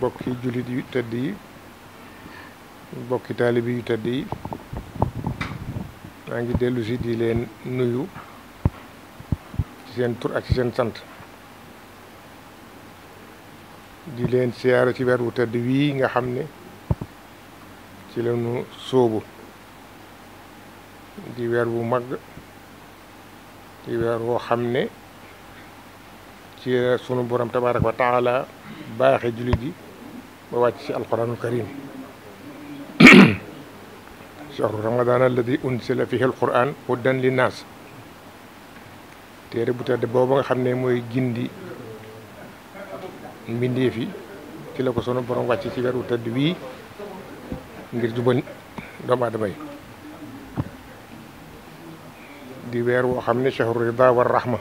bokki jullit yu tedd yi bokki taalibi yu tedd yi maa ngi dellusi di leen nuyu ci seen tur ak ci seen sant di leen siyaara ci weer wu tëdd wii nga xam ne ci lañu sóobu di weer wu mag di weer woo xam ne ci sunu borom tabaaraka wa taala baaxe jullit yi ba wàcc ci alquraanul karim chahru ramadan alladi unsila fihi alquran hudan linnaas téere bu tedd booba nga xam ne mooy gindi mbindeef yi ci la ko sunu borom wàcc ci weeru tedd wii ngir jubal doomu aadama yi di weer woo xam ne chahru rida war rahma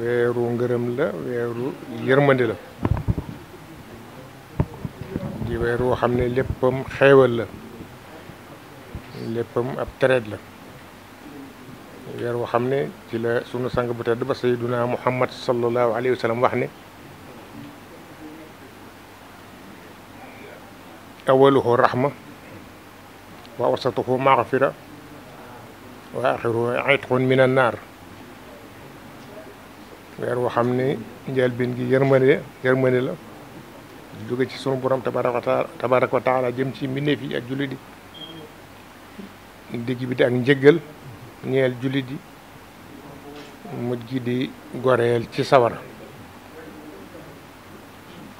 weeru ngërëm la weeru yërmande di weer woo xam léppam xeewal la léppam ab tereet la weer woo xam ci la sunu sang bu ba sayyiduna muhammad sallallahu alayhi wa sallam wax ne wa wasatuhu maxfira wa axiruhu itqun min annaar weer woo xam ne njëlbeen gi yërmande la joge ci sunu borom tabaraka tabaraka jëm ci mbindeef yi ak jullit yi digg bi di ak njëggal ñeel jullit yi mujj di goreel ci sawara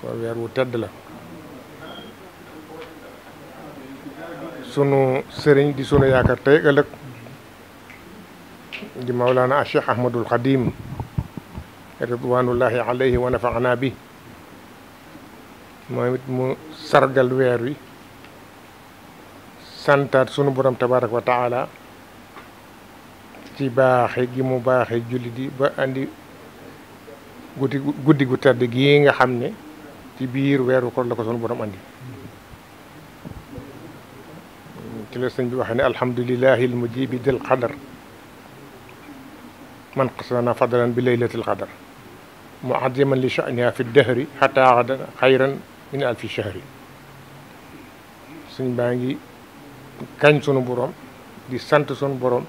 kon weer wu tedd la sunu sëriñ di sunu yaakaar tey ëllëg di mawlaana Cheikh Ahmadul Xadim ridwanullahi alayhi wa nafaana bi moom mu sargal weer wi santaat sunu borom tabaaraka wa taala ci baaxe gi mu baaxe julli di ba andi guddi guddi gu tedd gii nga xam ne ci biir weeru koor la ko sunu borom andi ci la sëñ bi waxee ne alhamdulillahi jibi dil qadar man qasana fadlan bi laylatil qadar mu'azziman li sha'niha fi dahri hatta xayran min alfi shahri suñ baa ngi kañ sunu borom di sant sunu boroom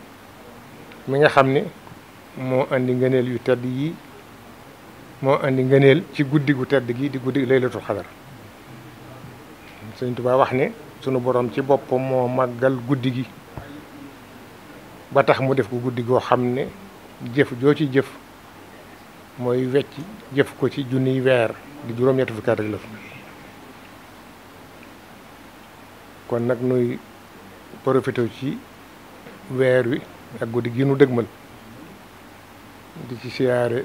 mi nga xam ni moo andi ngëneel yu tedd yii moo indi ngëneel ci guddi gu tedd gii di guddi lay laylatul xadar Sëñ Tuubaa wax ne sunu borom ci boppam moo màggal guddi gi ba tax mu def ko guddi goo xam ne jëf joo ci jëf mooy wecc jëf ko ci junniy weer di juróom-ñett fukki at ak lëf kon nag nuy profité ci weer wi ak guddi gi nu dëgmal di ci siyaare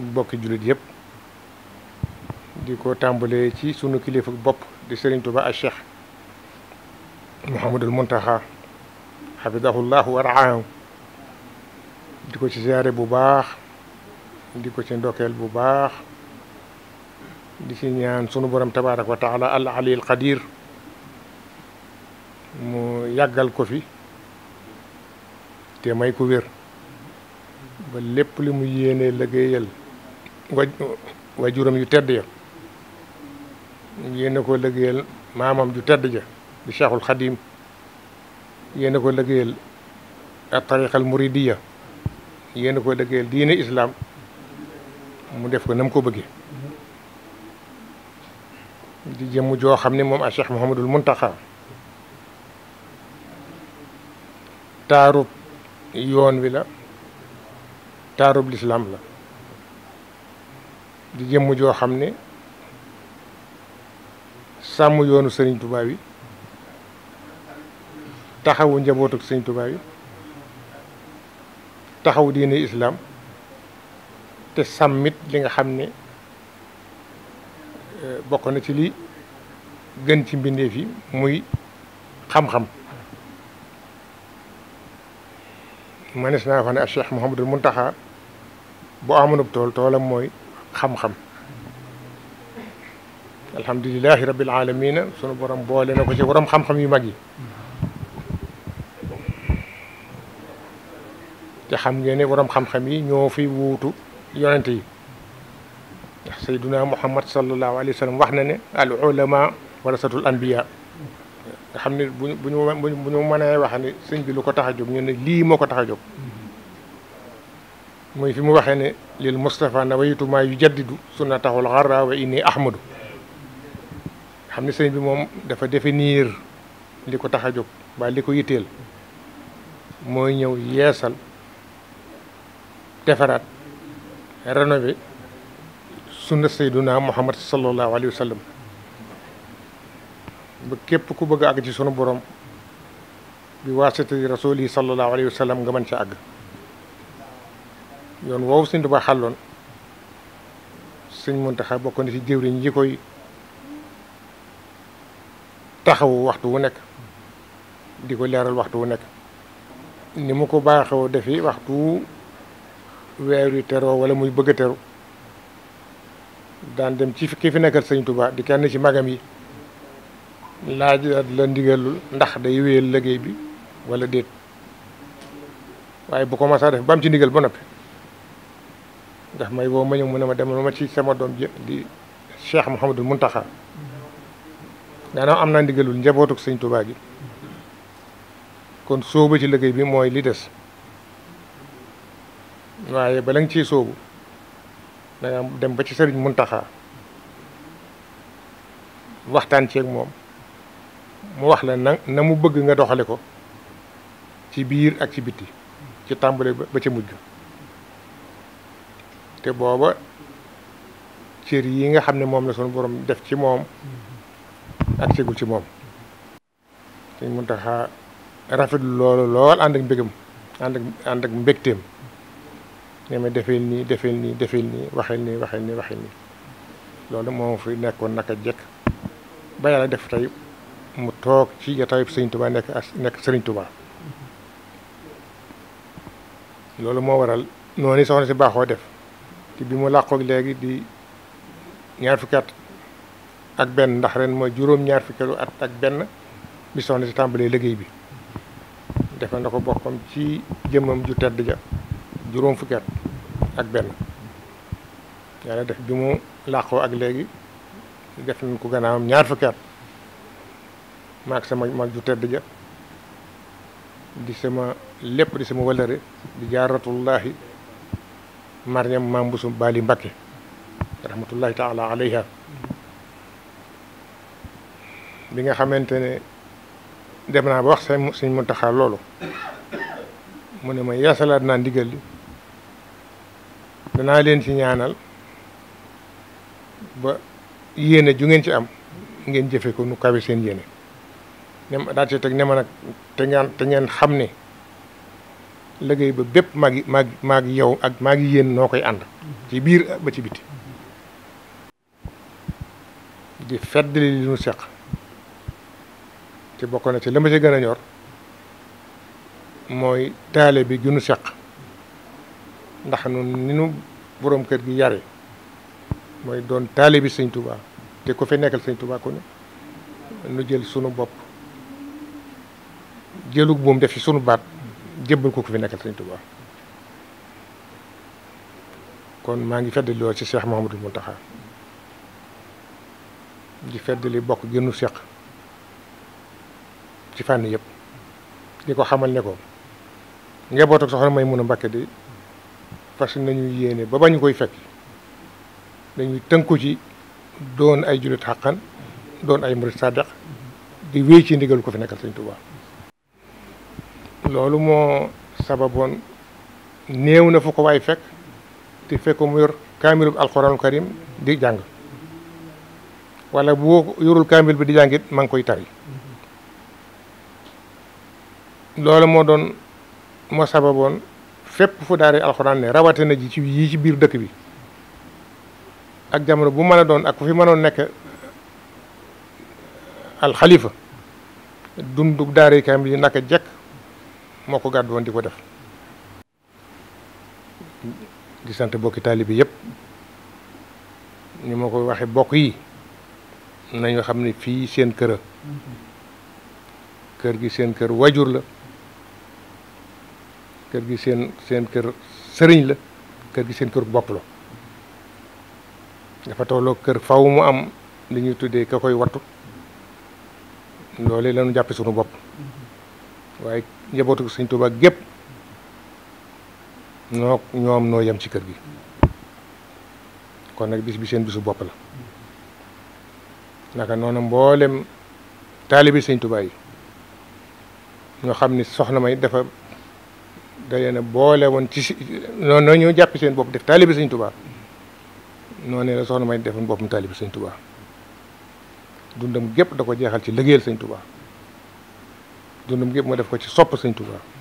bokki jullit yépp di ko tàmbalee ci sunu kilifa bopp di Serigne Touba ak Cheikh Mouhamadul Muntaha xafidahullahu wa raahu di ko ci siyaare bu baax di ko ci ndokkeel bu baax di ci ñaan sunu borom tabaaraka wa taala al aliyul qadir mu yàggal ko fi te may ko wér ba lépp li mu yéene liggéeyal waj wajuram yu tedd ya yéene ko liggéeyal maamam ju tedd ja di Cheikhul Khadim yéene ko liggéeyal ak tariqal muridiya yéene ko liggéeyal diine islam mu def ko nam ko bëggee di jëmm joo xam ne moom a Cheikh Mouhamadul Muntaxa taarub yoon wi la taarub lislaam la di jëmm joo xam ne sàmm yoonu sëriñ Tuubaa yi taxawu njabootuk sëriñ Tuubaa yi taxaw diine islaam te sàmmit li nga xam ni eh, bokk na ci li gën ci mbindeef yi muy xam-xam mënees naa wax ne Cheikh Mouhamadul Muntaxa bu amoonub tool toolam mooy xam-xam alhamdulilahi rabbil alamina sunu borom boole na ko ci borom xam-xam yu mag te xam ngeen ne borom xam-xam yi ñoo fi wuutu yonente yi ndax sayduna muhammad sallallahu alayhi wa sallam wax na ne al ulama warasatul anbiya xam ne bu bu ñu bu ñu sëñ bi lu ko tax a jóg ñu ne lii moo ko taxa a jóg mm-hmm. muy fi mu waxee ne lil Moustapha nawaytu maa yu jaddidu sunnatahul xarra wa inni ahmadu xam ne sëñ bi moom dafa définir li ko tax a jóg ba li ko yitteel mooy ñëw yeesal defaraat rénové sunna sayduna Muhammad sallallahu alayhi wa sallam ba képp ku bëgg a àgg ci sunu borom bi waasitati rasuuli sallallahu alayhi wa nga mën ci àgg yoon woowu Sëñ Tuubaa xàlloon Sëñ Muntaxa bokk na ci jëwriñ yi koy taxawu waxtu wu nekk di ko leeral waxtu wu nekk ni mu ko baaxoo defi waxtu weeru teroo wala muy bëgg a teru daan dem ci ki fi nekkal Sëñ Tuubaa di kenn ci magam yi laajaat la ndigalul ndax day wéyal liggéey bi wala déet waaye bu ko masaa def ba am ci ndigal ba noppi ndax may boo ma ñëw mu ne ma demal ma ci sama doom ji di Cheikh Mouhamadul Muntaxa daanaka am naa ndigalul njabootuk sëñ Tuubaa gi kon sóobu ci liggéey bi mooy li des waaye bala nga ciy sóobu da dem ba ci sëriñ Muntaxa waxtaan ceeg moom. mu wax la na na mu bëgg nga doxale ko ci biir ak ci biti ci tàmbale ba ca mujj te booba cër yi nga xam ne moom la sunu borom def ci moom ak cegul ci moom te mun taxa rafetlu loolu lool ànd ak mbégam ànd ak ànd ak mbégteem ne ma defeel nii defeel nii defeel nii waxeel nii waxeel nii waxeel nii loolu moom fi nekkoon naka jekk ba yàlla def tey mu toog ci jataayub sëriñ Tuubaa nekk nekk sëriñ Tuubaa loolu moo waral noonu soxna si baaxoo def ci bi mu làqoog léegi di ñaar fukket ak benn ndax ren mooy juróom ñaar fukkeelu ak benn bi soxna si tàmbalee léggéey bi defal na ko boppam ci jëmmam ju tedd ja juróom fukki ak benn yàlla def bi mu làqoo ak léegi def nañ ko gannaawam ñaar fukket maak sama mag ju tedd ja di sama lépp di sama wëllëre di jaaratullahi mariam maam busum baali mbakke rahmatullahi taala alayha bi nga xamante ne dem naa ba wax sa suñ muntaxaa loolu mu ne ma yeesalaat naa ndigal li danaa leen ci ñaanal ba yéene ju ngeen ci am ngeen jëfe ko nu kawe seen yéene ne daa cee teg ne ma nag te ngeen xam ne liggéey ba bépp maa ngi maa ngi yow ak maa ngi yéen noo koy ànd ci biir ba ci biti di feddali li ñu seq ci bokk na ci la ma ci gën a ñor mooy taale bi gi ñu seq ndax nun ni nu boroom kër gi yare mooy doon taale bi sëñ Tuubaa te ku fi nekkal sëñ Tuubaa ku ne nu jël sunu bopp jëlug buum def ci sunu baat jébbal ko ko fi nekkal Sëriñ Tuubaa kon maa ngi fedd lool ci Cheikh Mouhamadou Mountakha di fedd li bokk gënu seq ci fànn yëpp di ko xamal ne ko njaboot ak soxna may mun a Mbàkke di fas nañu yéene ba bañu koy fekk dañuy tënku ci doon ay jullit xàqan doon ay murit sàddiq di wéy ci ndigal ko fi nekkal Sëriñ Tuubaa loolu moo sababoon néew na fu ko waay fekk te fekk mu yor kaamilub alxuraanul karim di jàng wala bu yorul kaamil bi di jàngit ma koy tari loolu moo doon moo sababoon fépp fu daaree alxuraan ne rawatina ji ci yii ci biir dëkk bi ak jamono bu mën a doon ak ku fi mënoon nekk alxalifa dundug daaree kaamil yi naka jekk moo ko gàddu woon di ko def di sant bokki taalibe yépp ni ma ko waxee bokk yi nañu xam ne fii seen kër kër gi seen kër wajur la kër gi seen seen kër sëriñ la kër gi seen kër bopp la dafa tolloo kër faw mu am li ñuy tuddee ka koy wattu loole lañu jàppe sunu bopp waaye njabootu sëñ Tuubaa gépp noo ñoom noo yem ci kër gi kon nag bis bi seen bisu bopp la naka noonu mboolem taalibi sëñ Tuubaa yi ñoo xam ni soxna may dafa da leen a boole woon ci noonu ñu jàppi seen bopp def taalibi sëñ Tuubaa noonu la soxna may defoon boppam taalibi sëñ Tuubaa dundam gépp da ko jeexal ci liggéeyal sëñ Tuubaa dundam gépp ma def ko ci sopp sëñ Touba